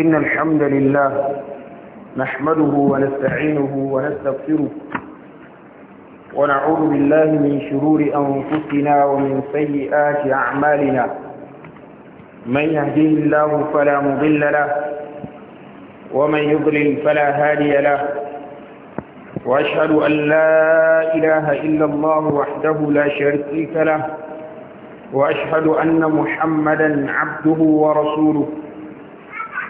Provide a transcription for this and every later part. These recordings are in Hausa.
إن الحمد لله نحمده ونستعينه ونستغفره ونعوذ بالله من شرور أنفسنا ومن سيئات أعمالنا من يهديه الله فلا مضل له ومن يضلل فلا هادي له وأشهد أن لا إله إلا الله وحده لا شريك له وأشهد أن محمدا عبده ورسوله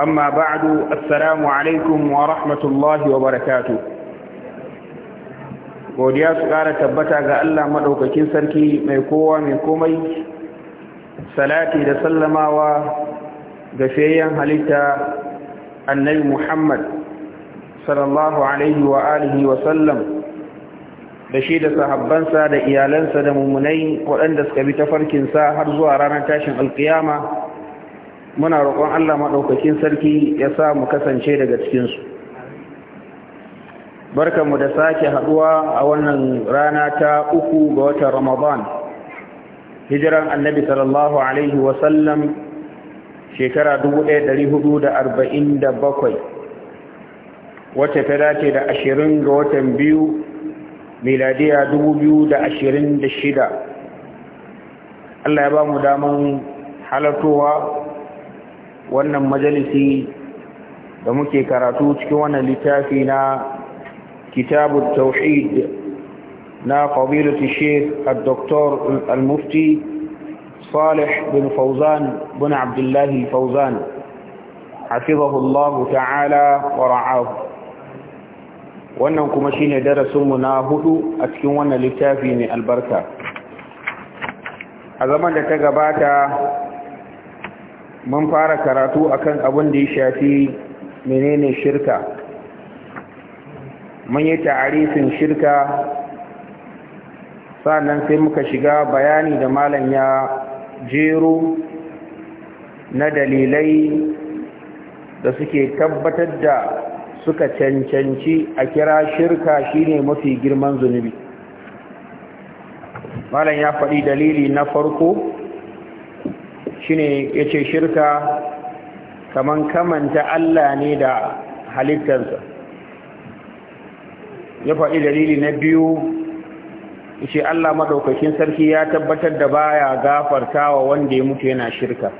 أما بعد السلام alaikum wa rahmatullahi wa barakatu. godiya su ƙara tabbata ga Allah maɗaukakin sarki mai kowa mai komai salati da sallamawa ga fiyayyen halitta annabi Muhammad sallallahu alaihi wa alihi wa sallam da shi da sahabbansa da iyalansa da mummunai waɗanda suka bi tafarkinsa har zuwa ranar tashin alkiyama muna roƙon Allah maɗaukakin sarki ya sa mu kasance daga cikinsu barkanmu da sake haɗuwa a wannan rana ta uku ga watan ramadan hijiran annabi sallallahu alaihi wasallam shekara 1447 wata ta dace da ashirin ga watan biyu miladiya dubu biyu da ashirin da shida Allah ya ba mu daman halartowa wannan majalisi da muke karatu cikin wannan littafi na kitabu tauhid na fadilatu sheikh al-doktor al-mufti salih bin fauzan bin abdullahi fauzan hafizahullahu ta'ala wa ra'ahu wannan kuma shine darasinmu na hudu a cikin wannan littafi mai albarka a zaman da ta gabata mun fara karatu akan abin da ya shafi menene shirka mun yi ta'arifin shirka sannan sai muka shiga bayani da malam ya jero na dalilai da suke tabbatar da suka cancanci a kira shirka shine mafi girman zunubi malam ya faɗi dalili na farko shine yace shirka kaman kamanta Allah ne da halittarsa ya faɗi dalili na biyu yace Allah madaukakin sarki ya tabbatar da baya gafartawa wanda ya mutu yana shirka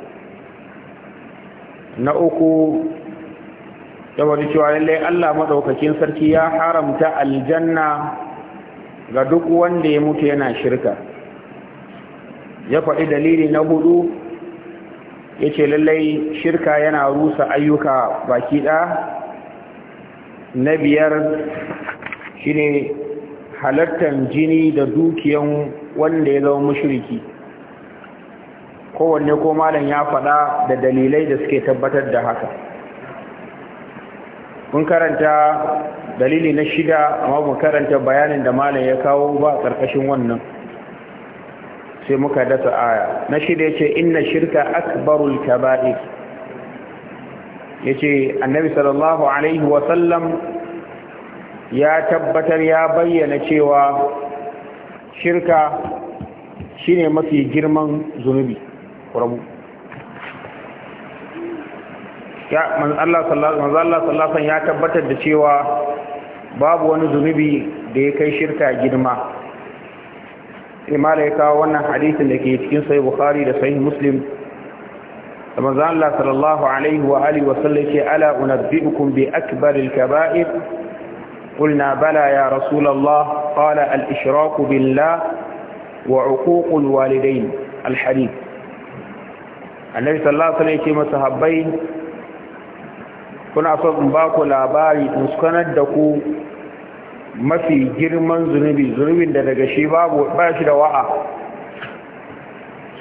na uku wani cewa lallai Allah maɗaukakin sarki ya haramta aljanna ga duk wanda ya mutu yana shirka ya faɗi dalili na hudu ya ce lallai shirka yana rusa ayyuka baki ɗaya na biyar shi ne halartar jini da dukiyan wanda ya zama mashiriki kowanne ko malam ya faɗa da dalilai da suke tabbatar da haka mun karanta dalili na shida amma mun karanta bayanin da malam ya kawo ba ƙarƙashin wannan sai muka dasa aya na shida yace inna shirka akbarul kaba'ir yace annabi sallallahu alaihi wa sallam ya tabbatar ya bayyana cewa shirka shine mafi girman zunubi rabu ya manzo Allah sallallahu alaihi ya tabbatar da cewa babu wani zunubi da ya kai shirka girma sai mala ya kawo wannan hadisin da ke cikin sai bukhari da sahih muslim da manzo Allah sallallahu alaihi wa alihi wa sallam ala unabbiukum bi akbaril kaba'ir قلنا بلى يا رسول wa قال الإشراك بالله وعقوق الوالدين الحديث النبي صلى الله عليه وسلم صحابين kuna so in ba ku labari in kanar da ku mafi girman zunubi zunubin da daga shi babu ba shi da wa'a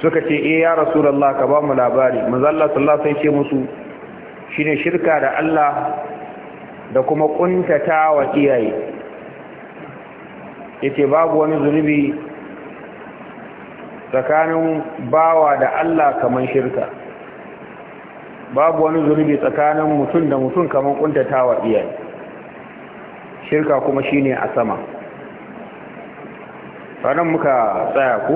suka ce eh ya rasulullah ka ba mu labari manzo Allah sallallahu alaihi ce musu shine shirka da Allah da kuma kuntata wa iyaye yace babu wani zunubi tsakanin bawa da Allah kaman shirka babu wani zunubi tsakanin mutum da mutum kaman kuntata wa iyaye shirka kuma shine a sama ranar muka tsaya ku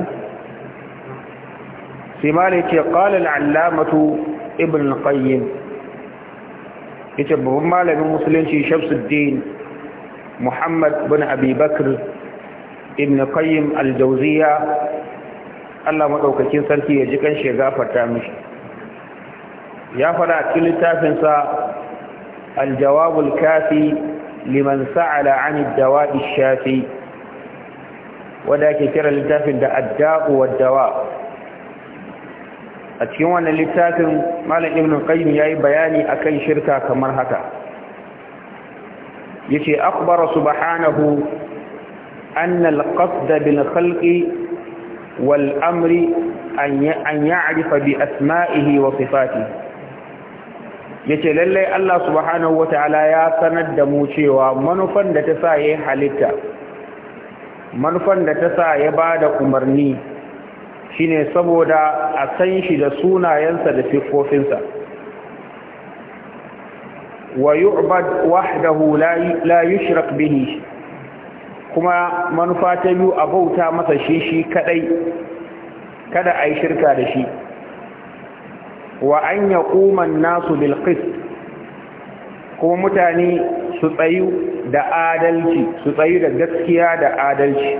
sai ma ce ƙalil allamatu ibn al ya babban malamin musulunci shamsuddin muhammad bin abubakar ibn qayyim al allah maɗaukakin sarki ya ji kanshi ya gafarta mishi ya fara a cikin littafinsa aljawabul kafi لمن سأل عن الدواء الشافي ولكن كرا لتافن دا الداء والدواء أتكيوان لتافن مالا ابن القيم يأي بياني أكي شركة كمرهكة يشي أخبر سبحانه أن القصد بالخلق والأمر أن يعرف بأسمائه وصفاته yace lallai Allah subhanahu Ta'ala ya sanar da mu cewa manufan da ta sa yayi halitta manufan da ta sa ya da umarni shine saboda a san shi da sunayensa da siffofinsa wa yu'bad wahdahu la yushrak bihi kuma manufa ta biyu a bauta masa shi shi kadai kada a shirka da shi wa an yaquma nasu Bilkis, kuma mutane su tsayu da adalci su tsayu da gaskiya da adalci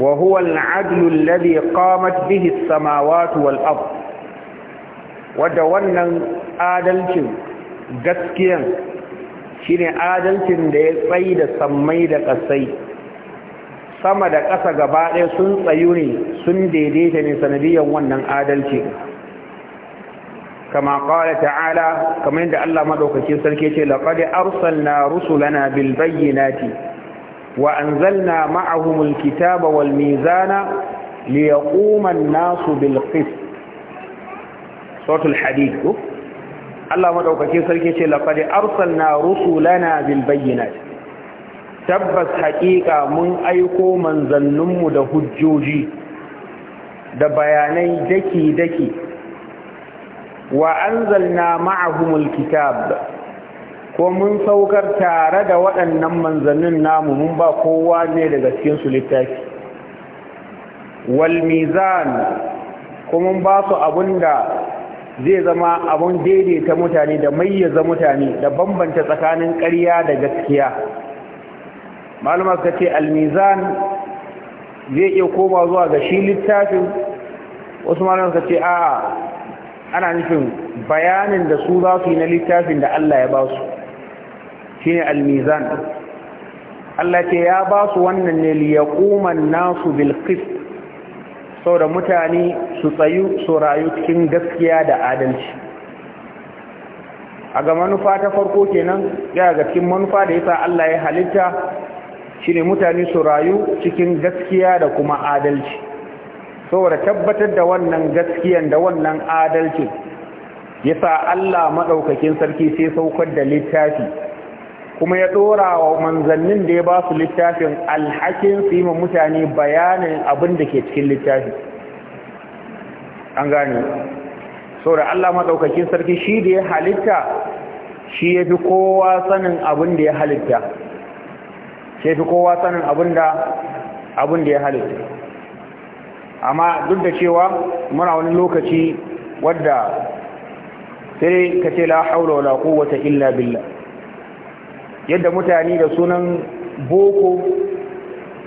wa huwa al-'adlu alladhi qamat bihis as wal ard wannan adalcin gaskiyan shine adalcin da ya tsayi da sammai da ƙasai sama da ƙasa gaba ɗaya sun tsayu ne sun daidaita ne sanadiyan wannan adalci kama kawai ta'ala kamar yadda Allah maɗaukacin sarki ce laƙaɗe arsal na rusulana bilbayi na ti wa an zalna ma'ahumul kita ba ƙuman nasu bilfis sautul hadith Allah maɗaukacin sarki ce laƙaɗe arsal na rusulana bilbayi na ti tabbas haƙiƙa mun aiko manzanninmu da hujjoji da bayanai daki-daki wa anzalna ma'ahumul kitab ko mun saukar tare da waɗannan manzannin namu mun ba kowa ne daga cikin su littafi wal mizan kuma ba su abinda zai zama abun daidaita mutane da mayyaza mutane da bambanta tsakanin ƙarya da gaskiya malama ka ce almizan zai iya koma zuwa ga shi littafin wasu malama ka ce a'a ana nufin bayanin da su za su yi na littafin da Allah ya ba su shi ne almizan Allah ce ya ba su wannan ne liyakuman nasu bilkis sau da mutane su tsayu su rayu cikin gaskiya da adalci a ga manufa ta farko kenan ya ga cikin manufa da yasa Allah ya halitta shi ne mutane su rayu cikin gaskiya da kuma adalci saboda tabbatar da wannan gaskiyan da wannan adalci sa Allah maɗaukakin sarki sai saukar da littafi kuma ya ɗora wa manzannin da ya ba su littafin alhakin su yi mutane bayanin abin da ke cikin littafi an gane saboda Allah maɗaukakin sarki shi da ya halitta shi ya fi kowa sanin abin da ya halitta shi ya fi kowa sanin abin da ya halitta amma duk da cewa muna wani lokaci wadda sai ka ce la haula wala quwwata illa billah yadda mutane da sunan boko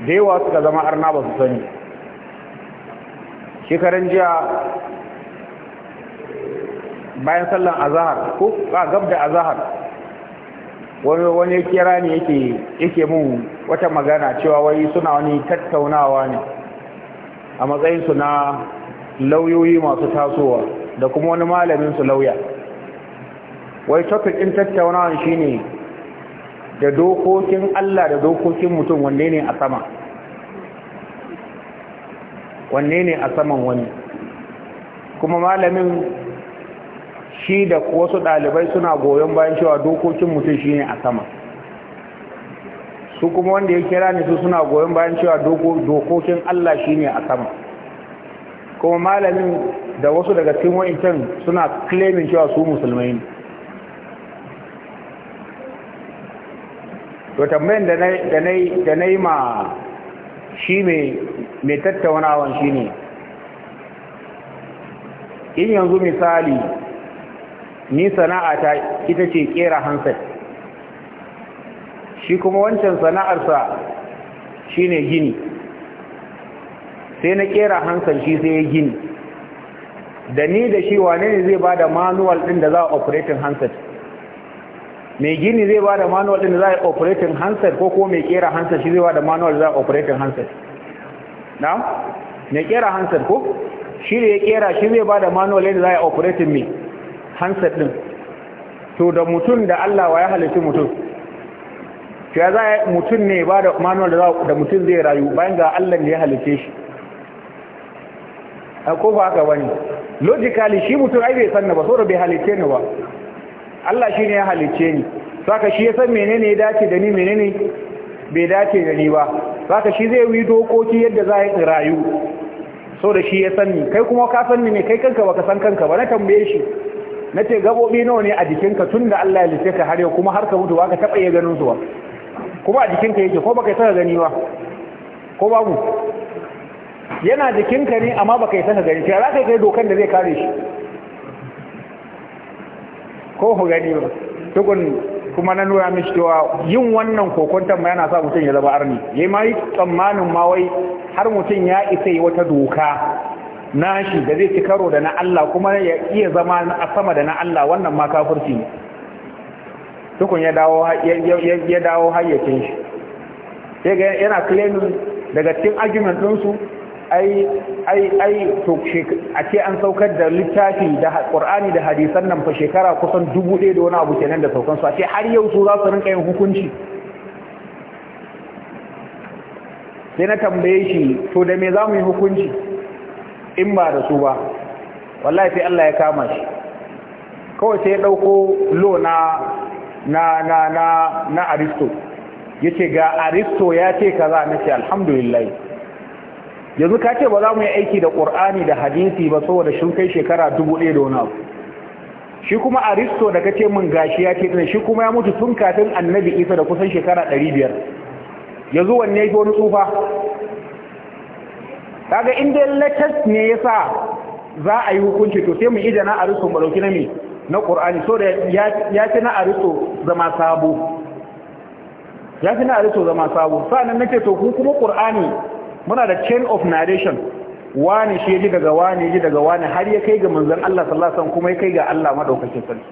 da yawa suka zama arna ba su sani shekaran jiya bayan sallan azahar ko ba gab da azahar wani wani kira ne yake yake mun wata magana cewa wai suna wani tattaunawa ne a matsayinsu na lauyoyi masu tasowa da kuma wani malaminsu lauya wai topic ɗin shi ne da dokokin Allah da dokokin mutum wanne ne a sama wanne ne a saman wani kuma malamin shi da wasu ɗalibai suna goyon bayan cewa dokokin mutum shi ne a sama su kuma wanda ya kira ne su suna goyon bayan cewa dokokin Allah shi ne a sama kuma malamin da wasu daga cikin wa'itan suna claiming cewa su musulmai ne to tambayin da na yi ma shi mai tattaunawan shi ne in yanzu misali ni sana'a ta ita ce kera Hansa. shi kuma wancan sana'arsa shine gini sai na kera hansar shi sai ya gini da ni da shi wane ne zai ba da manual din da za a operating hansar? mai gini zai ba da manual din da za a operating hansar ko kuma mai kera hansar shi zai ba da manual da za a operating hansar, na mai kera hansar ko shi da ya kera shi zai da manual din da za a operating mai hansar din to da mutum da Allah wa ya halitta mutum ya za a mutum ne ba da manuwar da mutum zai rayu bayan ga Allah ne ya halice shi a ko ba haka bane logically shi mutum ai bai sanna ba da bai halice ni ba Allah shi ne ya halice ni saka shi ya san menene ya dace da ni menene bai dace da ni ba saka shi zai yi dokoki yadda za a yi rayu so da shi ya san ni kai kuma ka san ni ne kai kanka baka san kanka ba na tambaye shi na ce gabobi nawa ne a jikinka tun da Allah ya lice ka har yau kuma har ka mutu ba ka taɓa iya ganin su ba kuma a jikinka yake ko baka saka gani ba ko babu yana jikinka ne amma baka saka gani sai za ka kai dokan da zai kare shi ko ku gani ba tukun kuma na nuna mishi cewa yin wannan kokonta ma yana sa mutum ya zama arni yayi ma yi tsammanin ma wai har mutum ya isa yi wata doka nashi da zai ci karo da na Allah kuma ya iya zama a sama da na Allah wannan ma kafirci ne tukun ya dawo ya dawo hayyacin shi sai yana claiming daga cikin argument su ai ai ai to a ce an saukar da littafi da Qur'ani da hadisan nan fa shekara kusan 1000 da wani abu kenan da saukan su a ce har yau su za su rinka yin hukunci sai na tambaye shi to da me za mu yi hukunci in ba da su ba wallahi sai Allah ya kama shi kawai sai ya dauko lo na na na na na aristo yace ga aristo ya ce kaza nace alhamdulillah yanzu ka ce ba za mu yi aiki da qur'ani da hadisi ba saboda shin kai shekara 1000 da wani abu shi kuma aristo da kace mun gashi ya ce shi kuma ya mutu tun kafin annabi isa da kusan shekara 500 yanzu wanne yake wani tsufa kaga inda latest ne yasa za a yi hukunci to sai mu idana aristo mu dauki na me na ƙorani so da ya fi na a zama sabo ya fi na a zama sabo sa'anin nake to kun kuma ƙorani muna da chain of narration wani shi ji daga wani ji daga wani har ya kai ga manzan Allah sallasan kuma ya kai ga Allah maɗaukakin sarki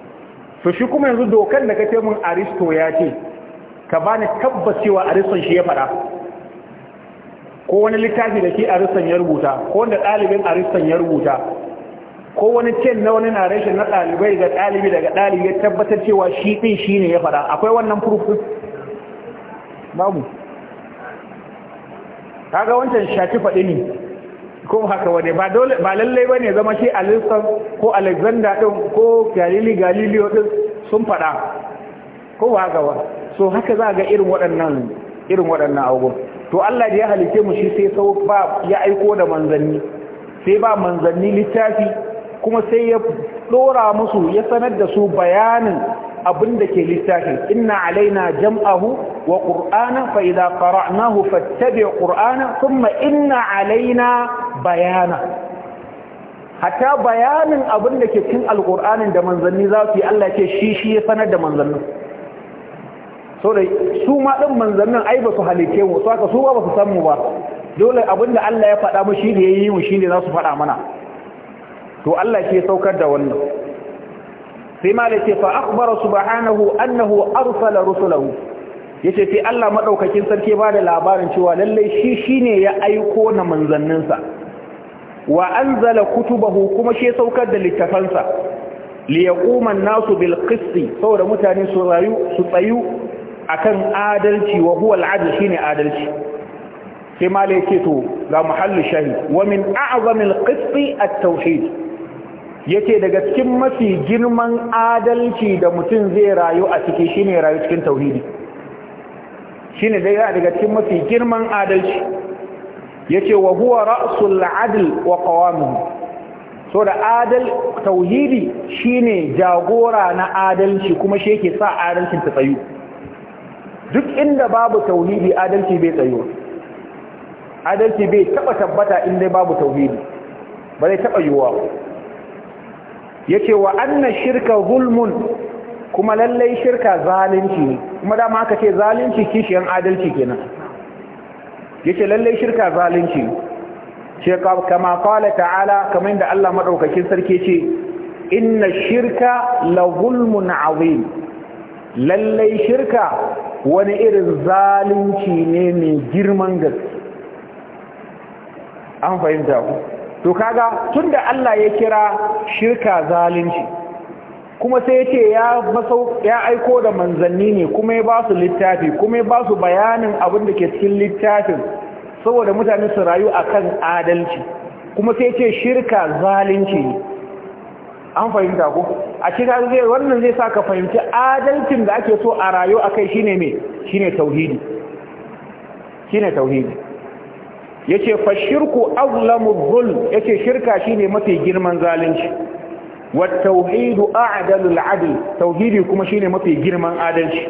to shi kuma yanzu dokan da ka ce mun aristo ya ce ka ba ni tabbacewa ariston shi ya faɗa ko wani littafi da shi ariston ya rubuta ko wanda ɗalibin ariston ya rubuta ko wani cin na wani na rashin na ɗalibai ga ɗalibi daga ɗalibi ya tabbatar cewa shi ɗin shi ne ya faɗa akwai wannan proof babu kaga wancan shafi faɗi ne ko haka wane ba lallai ba bane zama shi alistan ko alexander ɗin ko galili galileo din sun faɗa ko haka ba so haka za ga irin waɗannan irin waɗannan abubuwan to allah da ya halice mu shi sai sau ba ya aiko da manzanni sai ba manzanni littafi kuma sai ya dora musu ya sanar da su bayanin abin da ke littafin inna alaina jam'ahu wa qur'ana fa idza qara'nahu fattabi' qur'ana thumma inna alaina bayana hatta bayanin abin da ke cikin alqur'anin da manzanni za su yi Allah ce shi shi ya sanar da manzanni so da su ma din manzannin ai ba su halice mu so haka su ba su san mu ba dole abin da Allah ya faɗa mu shi ne yayi mu shi ne za su faɗa mana to Allah ke saukar da wannan sai ma ce fa akhbara subhanahu annahu arsala rusulahu yace sai Allah madaukakin sarki ba da labarin cewa lalle shi shine ya aiko na manzanninsa wa anzala kutubahu kuma shi saukar da littafansa liyaquman nasu bil saboda mutane su rayu su tsayu akan adalci wa huwa al adl shine adalci sai malai ce to ga muhallu shahi wa min a'zamil qisti at tauhid yace daga cikin mafi girman adalci da mutum zai rayu a ciki shine rayu cikin tauhidi shine daga cikin mafi girman adalci yace wa huwa ra'sul adl wa qawamuhu so da adal tauhidi shine jagora na adalci kuma shi yake sa adalcin ta tsayu duk inda babu tauhidi adalci bai tsayo adalci bai taba tabbata inda babu tauhidi ba zai taba yiwuwa yace wa anna shirka zulmun kuma lallai shirka zalunci ne kuma dama aka ce zalunci kishiyan adalci kenan ce lallai shirka zalunci ce kama Kwale ta'ala kamar da Allah maɗaukakin sarki ce inna shirka la zulmun azim lallai shirka wani irin zalunci ne mai girman gaske an fahimta ku to kaga tunda Allah ya kira shirka zalunci kuma sai ya ya masau ya aiko da manzanni ne kuma ya ba su littafi kuma ya ba su bayanin abin da ke cikin littafin saboda mutane su rayu akan adalci kuma sai ya ce shirka zalunci ne an fahimta ko a cikin zai wannan zai sa ka fahimci adalcin da ake so a rayu akai shine me shine tauhidi shine tauhidi yace fa shirku azlamu dhulm yace shirka shine mafi girman zalunci wa tauhidu a'dalu adi tauhidi kuma shine mafi girman adalci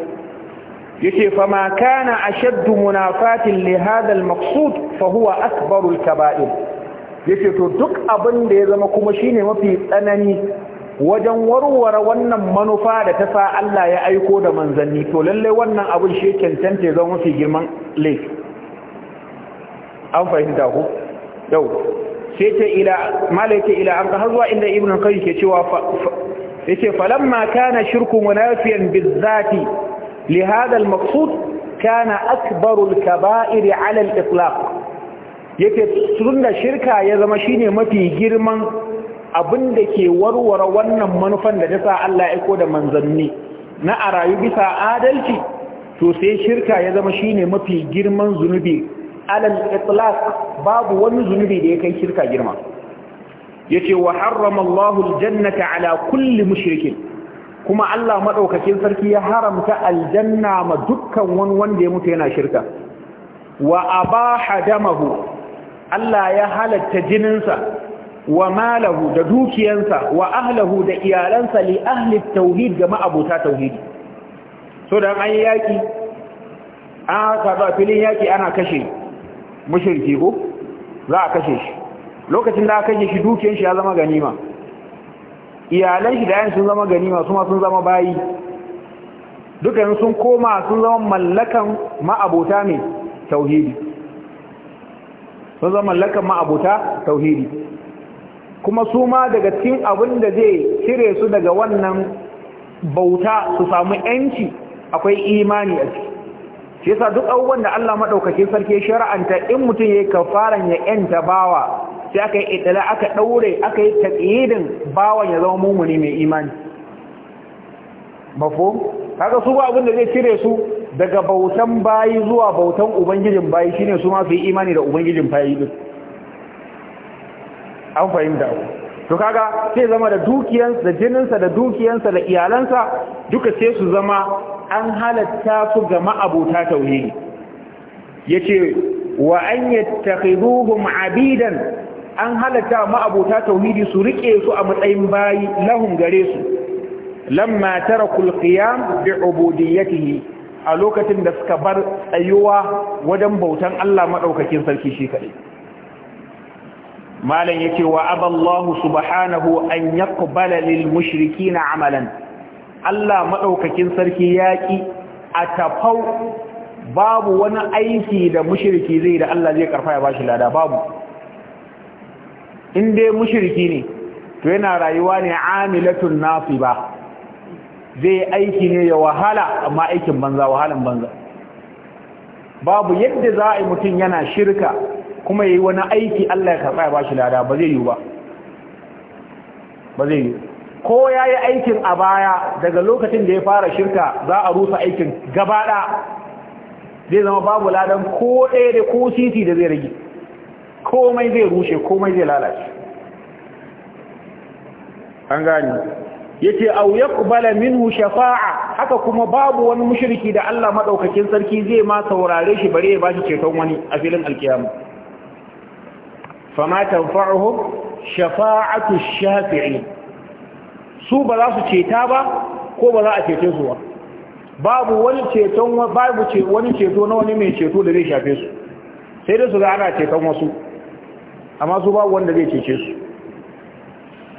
yace fa ma kana ashaddu munafatin lihazal maksud fahuwa maqsud fa huwa yace to duk abin da ya zama kuma shine mafi tsanani wajen warware wannan manufa da ta sa Allah ya aiko da manzanni to lallai wannan abin shi cancanta ya zama mafi girman laifi an fahimta ku yau sai ta ila ila an har zuwa inda ibnu kai ke cewa yace falamma kana shirku munafiyan bizati li hada al maqsud kana akbar al kaba'ir ala al itlaq yace tunda shirka ya zama shine mafi girman abinda ke warware wannan manufan da ta sa Allah ya aiko da manzanni na a rayu bisa adalci to sai shirka ya zama shine mafi girman zunubi alal itlaq babu wani zunubi da ya kai shirka girma yace wa harrama Allahu aljannata ala kulli mushrikin kuma Allah madaukakin sarki ya haramta aljanna ma dukkan wani wanda ya mutu yana shirka wa abaha damahu Allah ya halatta jininsa wa malahu da dukiyansa wa ahlahu da iyalansa li ahli tauhid ga ma'abuta tauhidi so da an a ka filin yaki ana kashe mushirki ko za a kashe shi lokacin da aka kashe shi dukiyar shi ya zama ganima iyalan shi da yan sun zama ganima su ma sun zama bayi dukan sun koma sun zama mallakan ma'abota mai tauhidi sun zama mallakan ma'abota tauhidi kuma su ma daga cikin abin da zai cire su daga wannan bauta su samu yanci akwai imani a ciki shi yasa duk abubuwan da Allah madaukakin sarki ya shar'anta in mutum yayi kafaran ya yanta bawa sai aka yi itala aka daure aka yi taqyidin bawan ya zama mumuni mai imani mafhum kaga su ba abin da zai cire su daga bautan bayi zuwa bautan ubangijin bayi shine su ma su yi imani da ubangijin bayi din an fahimta ku to kaga sai zama da dukiyansa da jininsa da dukiyansa da iyalansa duka sai su zama an halatta su ga ma'abuta tauhidi yace wa an yattakhiduhum abidan an halatta ma'abuta tauhidi su rike su a matsayin bayi lahum gare su lamma tarakul qiyam bi ubudiyyatihi a lokacin da suka bar tsayuwa wajen bautan Allah madaukakin sarki shi kadai malam yace wa aballahu subhanahu an yaqbala lil mushrikeena amalan Allah madaukakin sarki yaki atafau babu wani aiki da mushriki zai da Allah zai karfa ya bashi lada babu in dai mushriki ne to yana rayuwa ne amilatun nasiba zai aiki ne ya wahala amma aikin banza wahalan banza babu yadda za a yi mutum yana shirka kuma yi wani aiki Allah ya karɓa ya bashi lada ba zai yi ba ba zai yi ko ya yi aikin a baya daga lokacin da ya fara shirka za a rusa aikin gabaɗa zai zama babu ladan ko ɗaya da ko siti da zai rage komai zai rushe komai zai lalace an gani au aw yaqbala minhu shafa'a haka kuma babu wani mushiriki da Allah maɗaukakin sarki zai ma saurare shi bare ya bashi ceton wani a filin alkiyama fama tanfa'uhum shafa'atu shafi'i su ba za su ceta ba ko ba za a cece su ba babu wani ceton babu ce wani ceto na wani mai ceto da zai shafe su sai dai su ga ana ceton wasu amma su babu wanda zai cece su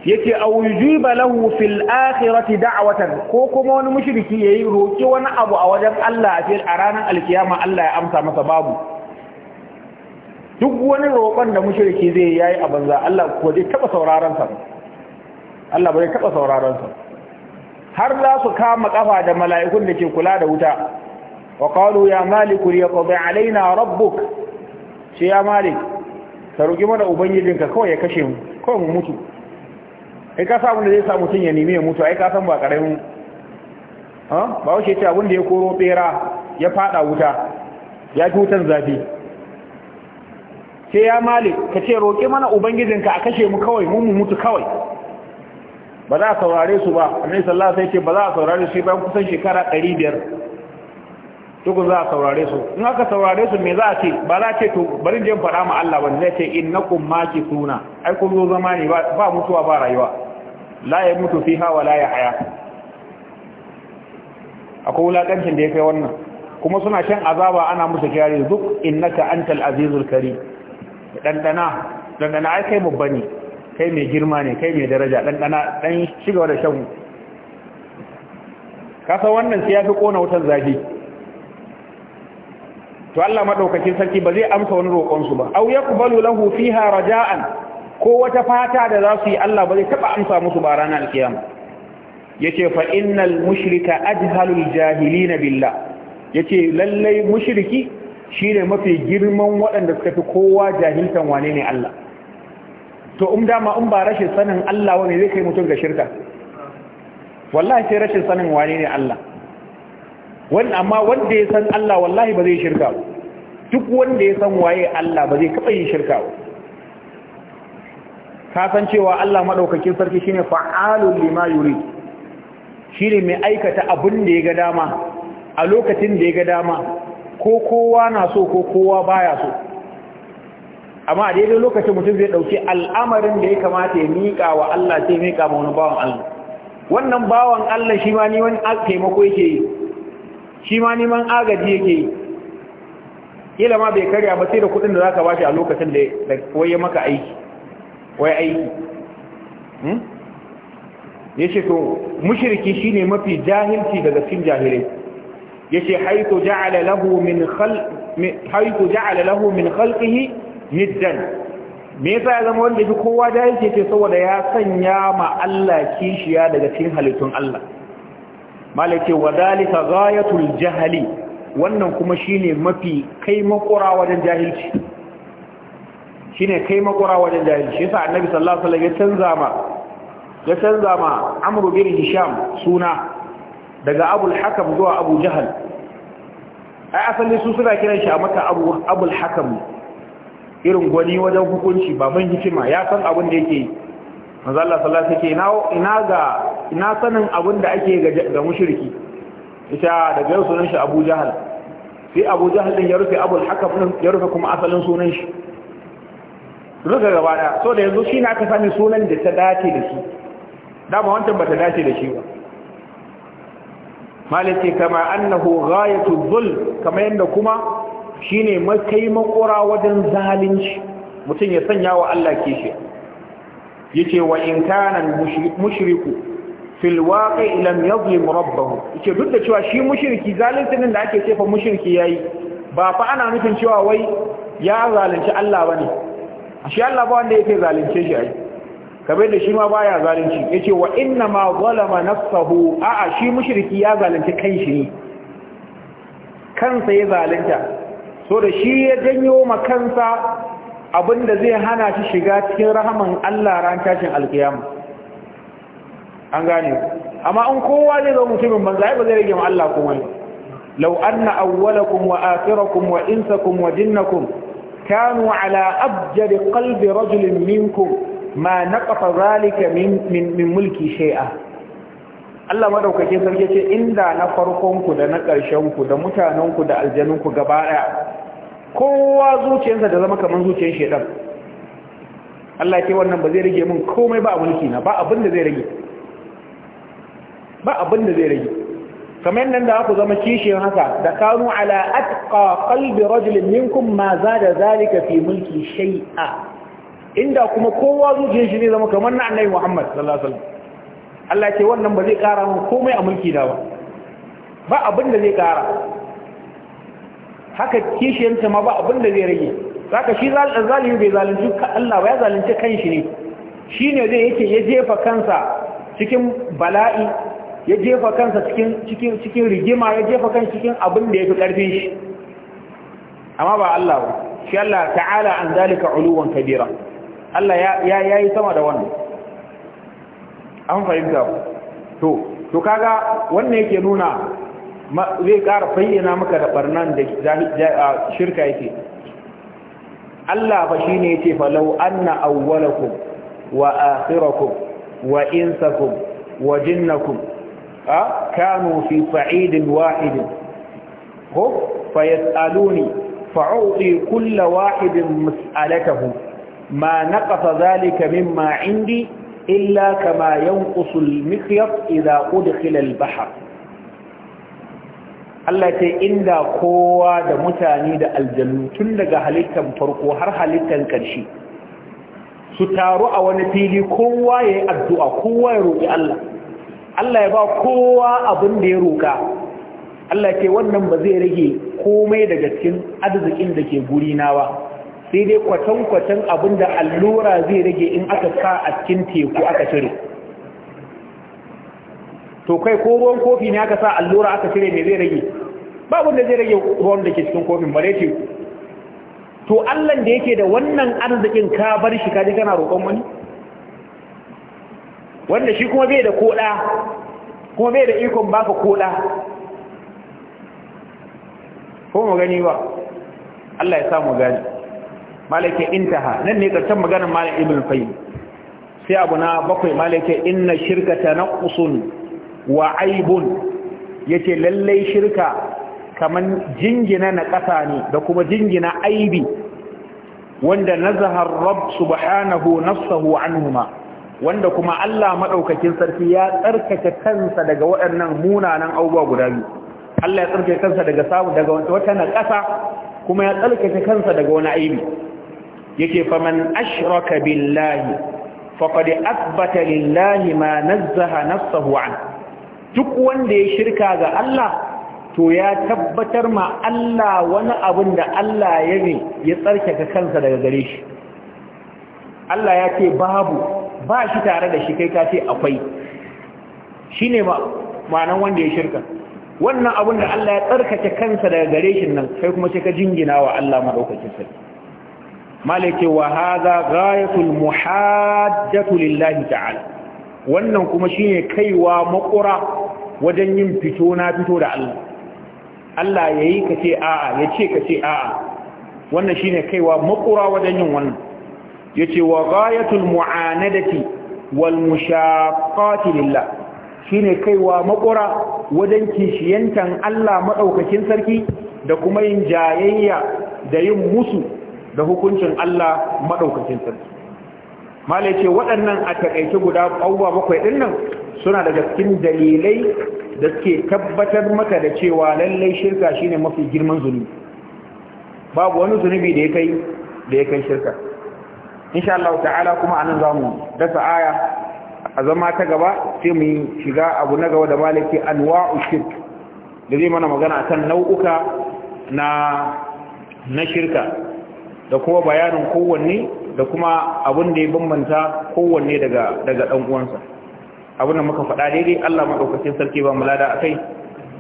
yake aw yujiba lahu fil akhirati da'watan ko kuma wani mushriki yayi roki wani abu a wajen Allah a ranar alkiyama Allah ya amsa masa babu duk wani roƙon da mushriki zai yayi a banza Allah ko zai taba sauraron sa Allah bai taba sauraron sa har za su kama kafa da mala'ikun da ke kula da wuta wa qalu ya maliku liyaqdi alaina rabbuk shi ya malik ka roki mana ubangijinka kawai ya kashe mu kawai mu mutu ai ka samu da zai sa tun ya nemi ya mutu ai ka san ba karamin ha ba wace ce abin da ya koro bera ya fada wuta ya fi wutan zafi ce ya male ka ce roƙe mana ubangijinka a kashe mu kawai mun mutu kawai ba za a saurare su ba annabi sallallahu alaihi sai ce ba za a saurare su bayan kusan shekara 500 tukun za a saurare su in aka saurare su me za a ce ba za a ce to bari je fara ma Allah ban zai ce innakum suna. ai kun zo zama ne ba mutuwa ba rayuwa la ya mutu fiha wa la ya haya akwai wulakancin da ya kai wannan kuma suna shan azaba ana musu kirari duk innaka antal azizul karim ɗanɗana ɗanɗana ai kai babba ne kai mai girma ne kai mai daraja ɗanɗana ɗan shiga da shan kasa wannan sai ya fi ƙona wutan zafi to Allah maɗaukakin sarki ba zai amsa wani roƙonsu ba au yaqbalu lahu fiha raja'an ko wata fata da za su yi Allah ba zai taɓa amsa musu ba ranar alkiyama yace fa innal mushrika ajhalul jahilina billah yace lallai mushriki shi ne mafi girman waɗanda suka fi kowa jahiltan wane ne Allah to in um, dama in um, ba rashin sanin Allah wane zai kai mutum ga shirka wallahi sai rashin sanin wane ne Allah wani amma wanda ya san Allah wallahi ba zai shirka ba duk wanda ya san waye Allah ba zai kafa yin shirka ba ka san cewa Allah maɗaukakin sarki shine fa'alun lima yuri shine mai aikata abin da ya ga dama a lokacin da ya ga dama ko kowa na so ko kowa baya so amma a daidai lokacin mutum zai dauki al'amarin da ya kamata ya miƙa wa Allah sai miƙa ma wani bawan Allah wannan bawan Allah shi ma neman taimako yake yi shi ma neman agaji yake yi kila ma bai karya ba sai da kuɗin da za ka ba shi a lokacin da waye maka aiki wai aiki hmm? ya ce to mushirki shine mafi jahilci daga cikin jahilai yace haitu ja'ala lahu min khalq haitu ja'ala lahu min khalqihi niddan me yasa ya zama wanda bi kowa da yake ce saboda ya sanya ma Allah kishiya daga cikin halittun Allah malake wadalika ghayatul jahli wannan kuma shine mafi kai makura wajen jahilci shine kai makura wajen jahilci yasa annabi sallallahu alaihi wasallam ya canza ma ya canza ma amru bin hisham suna daga abul hakam zuwa abu jahal ai asali su suna kiran shi a maka abul hakam irin gwani wajen hukunci baban hikima ya san abin da yake manzo Allah sallallahu alaihi wasallam ina ga ina sanin abin da ake ga mushriki ita daga yau sunan shi abu jahal sai abu jahal din ya rufe abul hakam din ya rufe kuma asalin sunan shi rufe gaba da so da yanzu shi na ka sami sunan da ta dace da shi dama wancan ba ta dace da shi ba malaki kama annahu ghayatu dhul kama yanda kuma shine makai makura wajen zalunci mutum ya sanya wa Allah kishi yace wa in kana mushriku fil waqi lam yadhlim rabbahu yace duk da cewa shi mushriki zalunci din da ake cewa mushriki yayi ba fa ana nufin cewa wai ya zalunci Allah bane shi Allah ba wanda yake zalunce shi ai kamar da shi ma baya zalunci yace wa inna ma zalama nafsahu a'a shi mushriki ya zalunci kanshi ne kansa ya zalunta so da shi ya janyo ma kansa abinda zai hana shi shiga cikin rahaman Allah ran tashin alkiyama an gane amma in kowa zai zo mutumin banza ba zai rage ma Allah komai law anna awwalakum wa akhirakum wa insakum wa jinnakum kanu ala abjad qalbi rajulin minkum ma naqafa zalika min min mulki shay'a Allah madaukakin sarki ce inda na farkon ku da na ƙarshenku ku da mutanen ku da aljanun ku gaba daya kowa zuciyarsa da zama kaman zuciyar shedan Allah ya ce wannan ba zai rage min komai ba a mulki na ba abin da zai rage ba abin da zai rage kamar nan da aku zama kishin haka da kanu ala atqa qalbi rajulin minkum ma zada zalika fi mulki shay'a inda kuma kowa zuciyar shi ne zama kamar na annabi Muhammad sallallahu alaihi wasallam Allah ce wannan ba zai kara mun komai a mulki da ba ba abin da zai kara haka kishiyanta ma ba abin da zai rage zaka shi zalimi bai zalunci ka Allah ba ya zalunci kanshi ne shine zai yake ya jefa kansa cikin bala'i ya jefa kansa cikin cikin cikin rigima ya jefa kansa cikin abin da yafi karfin shi amma ba Allah ba shi Allah ta'ala an zalika uluwan kabira Allah ya yi sama da wannan an fahimta to to kaga wannan yake nuna zai ƙara bayyana maka da barnan da shirka yake Allah ba shine yace falau anna awwalakum wa akhirakum wa insakum wa jinnakum كانوا في صعيد واحد هو فيسألوني فأعطي كل واحد مسألته ma naqasa zalika min indi illa kama yanqusu al-mikhyat idha udkhila Allah ce inda kowa da mutane da aljannu tun daga halittan farko har halittan ƙarshe su taru a wani fili kowa ya yi addu'a kowa ya roƙi Allah Allah ya ba kowa abin da ya roƙa Allah ce wannan ba zai rage komai daga cikin arzikin da ke guri na ba sai dai kwatankwatan abin da allura zai rage in aka sa a cikin teku aka cire to kai ko ruwan kofi ne aka sa allura aka cire me zai rage babu da zai rage ruwan da ke cikin kofin ba dai teku to allan da yake da wannan arzikin ka bar shi kaji kana roƙon wani wanda shi kuma bai da koɗa kuma bai da ikon baka koɗa ko mu gani ba Allah ya samu gani malaka intaha nan ne karshen maganar malam ibn qayyim sai abu na bakwai malaka inna shirka tanqusun wa aibun yace lalle shirka kaman jingina na kasa ne da kuma jingina aibi wanda nazaha rabb subhanahu nafsuhu anhuma wanda kuma Allah madaukakin sarki ya tsarkake kansa daga waɗannan munanan abubuwa guda biyu Allah ya tsarkake kansa daga samu daga wata na kasa kuma ya tsarkake kansa daga wani aibi yake faman ashraka billahi faqad athbata lillahi ma nazzaha nafsahu an duk wanda ya shirka ga Allah to ya tabbatar ma Allah wani abin da Allah ya ne ya tsarkaka kansa daga gare shi Allah ya ce babu ba shi tare da shi kai ka ce akwai shine ma'anan wanda ya shirka wannan abin da Allah ya tsarkake kansa daga gare shi nan sai kuma sai ka jingina wa Allah madaukakin sarki malake wa haza ghayatul muhaddatu lillahi ta'ala wannan kuma shine kaiwa makura wajen yin fito na fito da Allah Allah yayi kace a'a yace kace a'a wannan shine kaiwa makura wajen yin wannan yace wa ghayatul mu'anadati wal mushaqqati lillah shine kaiwa makura wajen kishiyantan Allah madaukakin sarki da kuma yin jayayya da yin musu da hukuncin Allah madaukakin sarki mala ce waɗannan a takaice guda abubuwa bakwai ɗin nan suna daga cikin dalilai da suke tabbatar maka da cewa lallai shirka shine mafi girman zunubi babu wani zunubi da ya kai da ya kai shirka insha Allah ta'ala kuma anan zamu dasa aya a zama ta gaba sai mu shiga abu na gaba da malaki anwa'u shirk da zai mana magana akan nau'uka na na shirka da kuma bayanin kowanne da kuma abin da ya bambanta kowanne daga daga dan uwansa abin da muka faɗa daidai Allah madaukakin sarki ba mu lada akai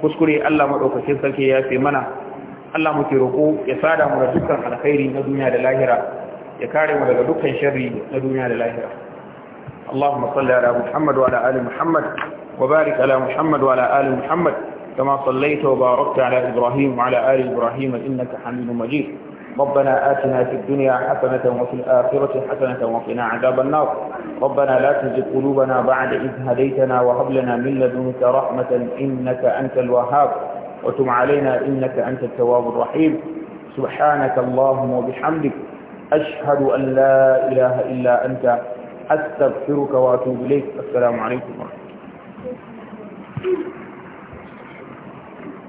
kuskure Allah madaukakin sarki ya fi mana Allah muke roko ya sada mu da dukkan alkhairi na duniya da lahira ya kare mu daga dukkan sharri na duniya da lahira ala Muhammad. Wa على محمد وعلى wa محمد وبارك Muhammad. محمد وعلى ال محمد كما صليت وباركت على إبراهيم وعلى آل إبراهيم إنك حميد مجيد ربنا آتنا في الدنيا حسنة وفي الآخرة حسنة وقنا عذاب النار ربنا لا تزغ قلوبنا بعد إذ هديتنا وهب لنا من لدنك رحمة إنك أنت الوهاب وتم علينا إنك أنت التواب الرحيم سبحانك اللهم وبحمدك أشهد أن لا إله إلا أنت أستغفرك وأتوب إليك السلام عليكم ورحمة الله